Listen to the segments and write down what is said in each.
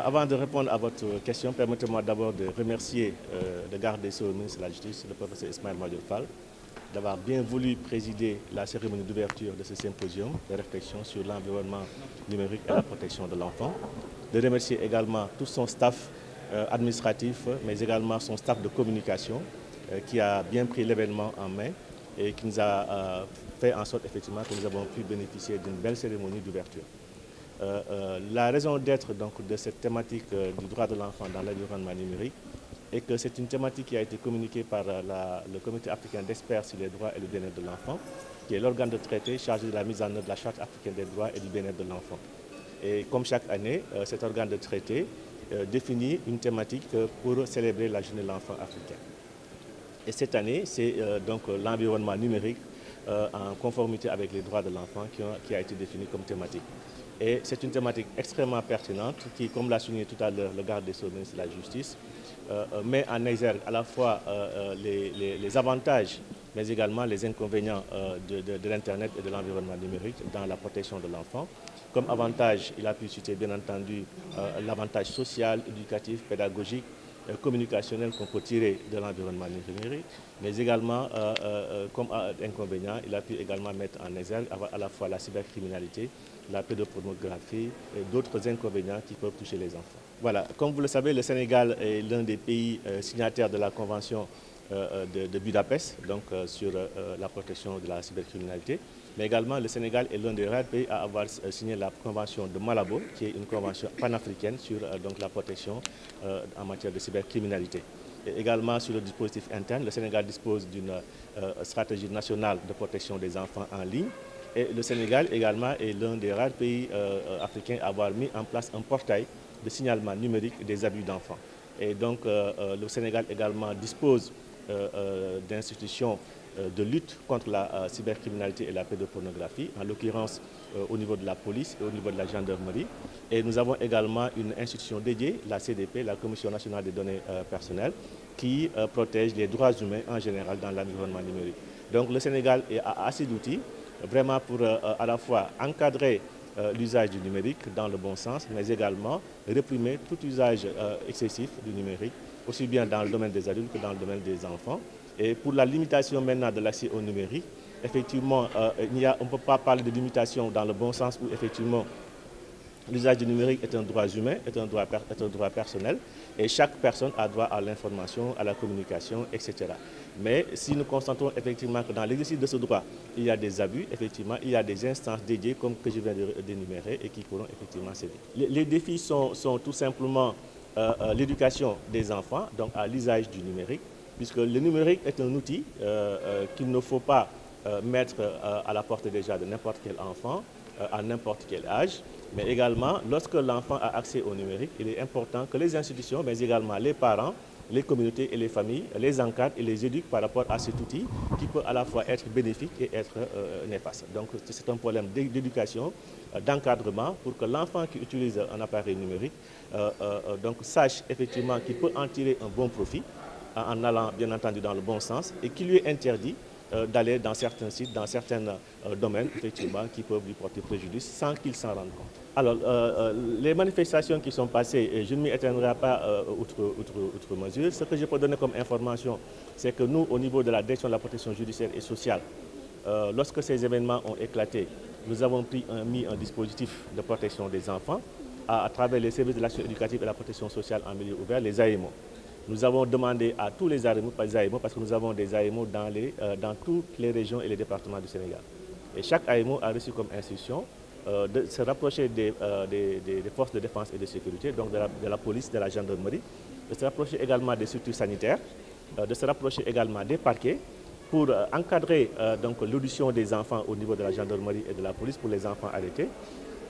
avant de répondre à votre question, permettez-moi d'abord de remercier euh, de garder ce ministre de la Justice, le professeur Ismaël Fall, d'avoir bien voulu présider la cérémonie d'ouverture de ce symposium de réflexion sur l'environnement numérique et la protection de l'enfant. De remercier également tout son staff euh, administratif, mais également son staff de communication euh, qui a bien pris l'événement en main et qui nous a euh, fait en sorte effectivement que nous avons pu bénéficier d'une belle cérémonie d'ouverture. Euh, euh, la raison d'être de cette thématique euh, du droit de l'enfant dans l'environnement numérique est que c'est une thématique qui a été communiquée par le Comité africain d'experts sur les droits et le bien-être de l'enfant, qui est l'organe de traité chargé de la mise en œuvre de la Charte africaine des droits et du bien-être de l'enfant. Et comme chaque année, cet organe de traité définit une thématique pour célébrer la journée de l'enfant africain. Et cette année, c'est donc l'environnement numérique en conformité avec les droits de l'enfant qui, qui a été défini comme thématique. Et c'est une thématique extrêmement pertinente qui, comme l'a souligné tout à l'heure le garde des Sceaux, ministre de la Justice, euh, euh, met en exergue à la fois euh, les, avantages, mais également les inconvénients de, de l'Internet et de l'environnement numérique dans la protection de l'enfant. Comme avantage, il a pu citer bien entendu l'avantage social, éducatif, pédagogique, euh, communicationnel qu'on peut tirer de l'environnement numérique, mais également, euh, euh, comme inconvénient, il a pu également mettre en exergue à la fois la cybercriminalité, la pédopornographie et d'autres inconvénients qui peuvent toucher les enfants. Voilà, comme vous le savez, le Sénégal est l'un des pays signataires de la Convention de, de, Budapest, donc sur la protection de la cybercriminalité. Mais également, le Sénégal est l'un des rares pays à avoir euh, signé la convention de Malabo, qui est une convention panafricaine sur euh, donc, la protection euh, en matière de cybercriminalité. également sur le dispositif interne, le Sénégal dispose d'une stratégie nationale de protection des enfants en ligne et le Sénégal également est l'un des rares pays africains à avoir mis en place un portail de signalement numérique des abus d'enfants. Et donc le Sénégal également dispose d'institutions euh, de lutte contre la euh, cybercriminalité et la pédopornographie, en l'occurrence euh, au niveau de la police et au niveau de la gendarmerie. Et nous avons également une institution dédiée, la CDP, la Commission nationale des données personnelles, qui protège les droits humains en général dans l'environnement numérique. Donc le Sénégal a assez d'outils vraiment pour à la fois encadrer l'usage du numérique dans le bon sens, mais également réprimer tout usage excessif du numérique, aussi bien dans le domaine des adultes que dans le domaine des enfants. Et pour la limitation maintenant de l'accès au numérique, effectivement, euh, on ne peut pas parler de limitation dans le bon sens où effectivement l'usage du numérique est un droit humain, est un droit, personnel, et chaque personne a droit à l'information, à la communication, etc. Mais si nous constatons effectivement que dans l'exercice de ce droit, il y a des abus, effectivement, il y a des instances dédiées comme que je viens de d'énumérer et qui pourront effectivement céder. Les, défis sont, tout simplement euh, euh, l'éducation des enfants, donc à l'usage du numérique, puisque le numérique est un outil euh, euh, qu'il ne faut pas euh, mettre à la porte déjà de n'importe quel enfant, à n'importe quel âge. Mais également, lorsque l'enfant a accès au numérique, il est important que les institutions, mais également les parents, les communautés et les familles les encadrent et les éduquent par rapport à cet outil qui peut à la fois être bénéfique et être néfaste. Donc c'est un problème d'éducation, d'encadrement pour que l'enfant qui utilise un appareil numérique sache effectivement qu'il peut en tirer un bon profit en allant bien entendu dans le bon sens et qui lui est interdit euh, d'aller dans certains sites, dans certains euh, domaines, effectivement, qui peuvent lui porter préjudice sans qu'il s'en rende compte. Alors, euh, les manifestations qui sont passées, et je ne m'y éteindrai pas outre, mesure, ce que je peux donner comme information, c'est que nous, au niveau de la direction de la protection judiciaire et sociale, lorsque ces événements ont éclaté, nous avons mis un dispositif de protection des enfants à, travers les services de l'action éducative et la protection sociale en milieu ouvert, les AEMO. Nous avons demandé à tous les AEMO, pas e parce que nous avons des AMO e dans, les, euh, dans toutes les régions et les départements du Sénégal. Et chaque AMO e a reçu comme instruction euh, de se rapprocher euh, des, forces de défense et de sécurité, donc de la, de la, police, de la gendarmerie, de se rapprocher également des structures sanitaires, de se rapprocher également des parquets pour encadrer l'audition des enfants au niveau de la gendarmerie et de la police pour les enfants arrêtés,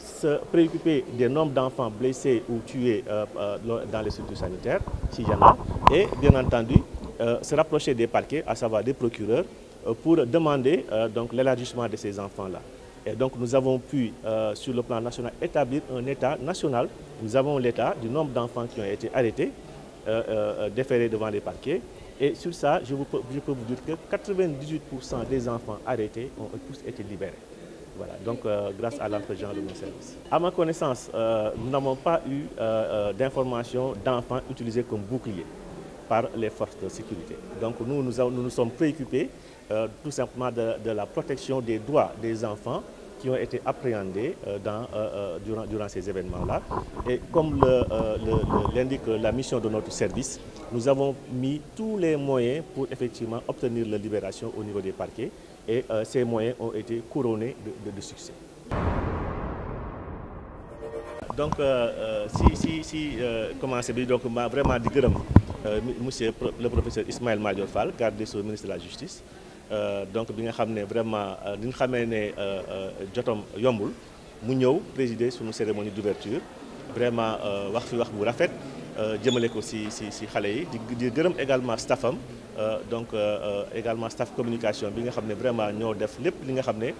se préoccuper des nombres d'enfants blessés ou tués euh, euh, dans les structures sanitaires, si j'en et bien entendu euh, se rapprocher des parquets, à savoir des procureurs, pour demander donc l'élargissement de ces enfants-là. Et donc nous avons pu, sur le plan national, établir un état national. Nous avons l'état du nombre d'enfants qui ont été arrêtés, déférés devant les parquets. Et sur ça, je, je peux vous dire que 98% des enfants arrêtés ont tous été libérés. Voilà, donc euh, grâce à l'entretien de mon service. À ma connaissance, euh, nous n'avons pas eu euh, d'informations d'enfants utilisés comme boucliers par les forces de sécurité. Donc nous, nous, sommes préoccupés tout simplement de, la protection des droits des enfants qui ont été appréhendés durant, durant, ces événements-là. Et comme l'indique la mission de notre service, nous avons mis tous les moyens pour effectivement obtenir la libération au niveau des parquets et euh, ces moyens ont été couronnés de, de, succès. Donc, euh, euh, si, si, si euh, comment c'est donc vraiment dit euh, monsieur le professeur Ismaël Major Fall, garde sur le ministre de la Justice. donc, bien ramené vraiment, nous euh, Jotom Yomboul, Mounio, présidé sur une cérémonie d'ouverture. Vraiment, wax fi wax bu rafet euh, j'ai ko aussi si si xalé yi di gërëm également staffam euh, donc euh, également staff communication bi nga xamné vraiment ñoo def lepp li nga xamné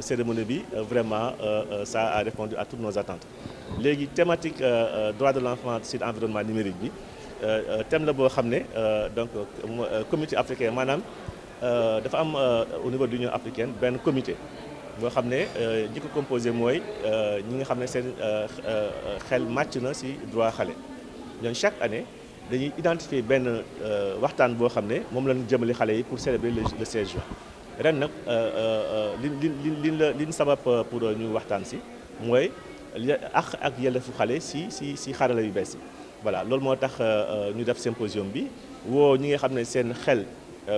cérémonie bi vraiment ça a répondu à toutes nos attentes légui thématique droit de l'enfant sur environnement numérique bi thème la bo xamné donc comité africain manam dafa am au niveau de l'Union africaine ben comité bo xamné ne ñi ko composé moy ñi nga xamné ne seen xel match na si droit xalé ñoom chaque année dañuy identifier benn euh, waxtaan boo xam ne moom lañu jëmale xale yi pour célébrer le 16 juin ren nag euh, euh, li li li la li sabab pour ñu waxtaan si mooy ak ak yelleefu xale si si si xarala yu bees voilà loolu moo tax ñu def symposium bi woo ñi nga xam ne seen xel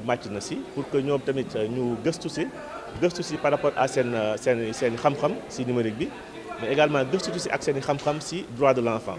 màcc na si pour que ñoom tamit ñu gëstu si gëstu si par rapport à seen seen seen xam-xam si numérique bi mais également gëstu si ak seen xam-xam si droit de l'enfant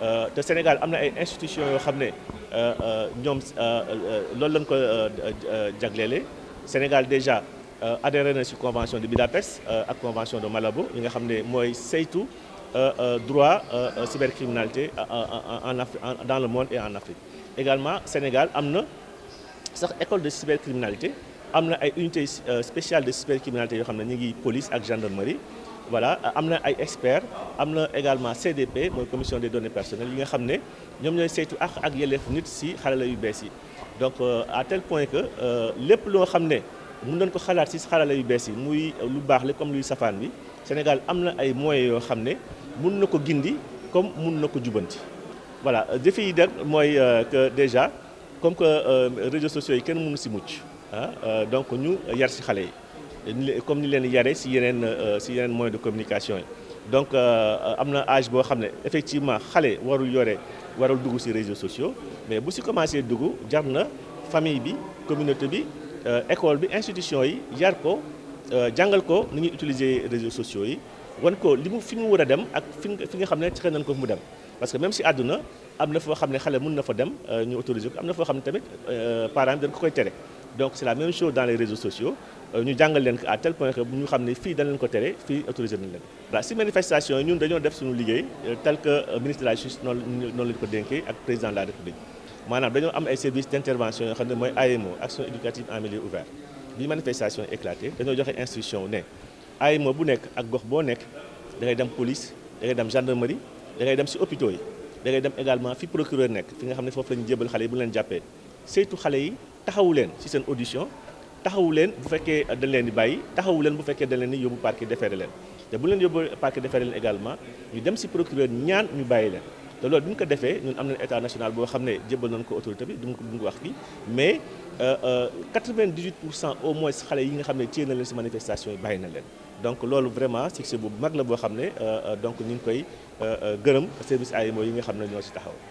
Le euh, Sénégal a une ay institutions qui euh, euh, loolu Sénégal déjà adhéré na la convention de Budapest la convention de Malabo yi nga xam ne euh, euh, droit cybercriminalité en dans le monde et en Afrique également Sénégal a une école de cybercriminalité une unité spéciale de cybercriminalité yoo police police la gendarmerie voilà y des experts y également CDP la commission des données personnelles yi nga xamné ñom ñoy donc euh, à tel point que les euh, lo xamné ne comme luy safane bi Sénégal amna ay moyens comme mën jubanti voilà euh, défi déjà comme que réseaux sociaux yi si mucc ah, donc ñu yar si des comme ni leen yare si yeneen euh, euh, si yeneen moyen de communication donc euh, am na âge boo xam ne effectivement xale warul yore warul dugg si réseaux sociaux mais bu si commencé dugg jar na famille bi communauté bi école bi institution yi yar ko jàngal ko nu ñuy utiliser réseaux sociaux yi won ko limu fi mu wara dem ak fi nga xam ci xénañ ko fi mu dem parce que même si aduna am na foo xam ne xale na fa dem ñu autoriser ko am na foo xam tamit parents dañ ko koy téré donc c'est la même chose dans les réseaux sociaux euh, nous avons à tel point que nous savons des filles dans leen ko les filles autorisées. Ces leen. La si manifestation nous ñun dañoo def suñu euh, tel que euh, ministre de la justice nous l'a président de la république Maintenant, nous avons ay d'intervention, d'intervention intervention action éducative en milieu ouvert manifestations manifestation nous avons une instruction Nous AEMO bu nekk ak gox police une gendarmerie les hôpital da ngay dem également fi procureur nekk fi nga xam ne foofu la ñu jébal xale yi bu leen jàppee saytu xale yi taxawu leen ci seen audition taxawu leen bu fekkee dañ leen di bàyyi taxawu leen bu fekkee dañ leen di yóbbu parquet déféré leen te bu leen yóbbu parquet déféré leen également ñu dem ci procureur ñaan ñu bàyyi leen te loolu buñ ko defee ñun am nañu état national boo xam ne jébal nañu ko autorité bi du ko du wax fii mais 98 euh, euh, pour cent au moins xale yi nga xam ne téye na leen si manifestation yi bàyyi na leen donc loolu vraiment succès bu mag la boo xam ne euh, donc ñu ngi koy gërëm service AEMO yi nga xam ne ñoo si taxaw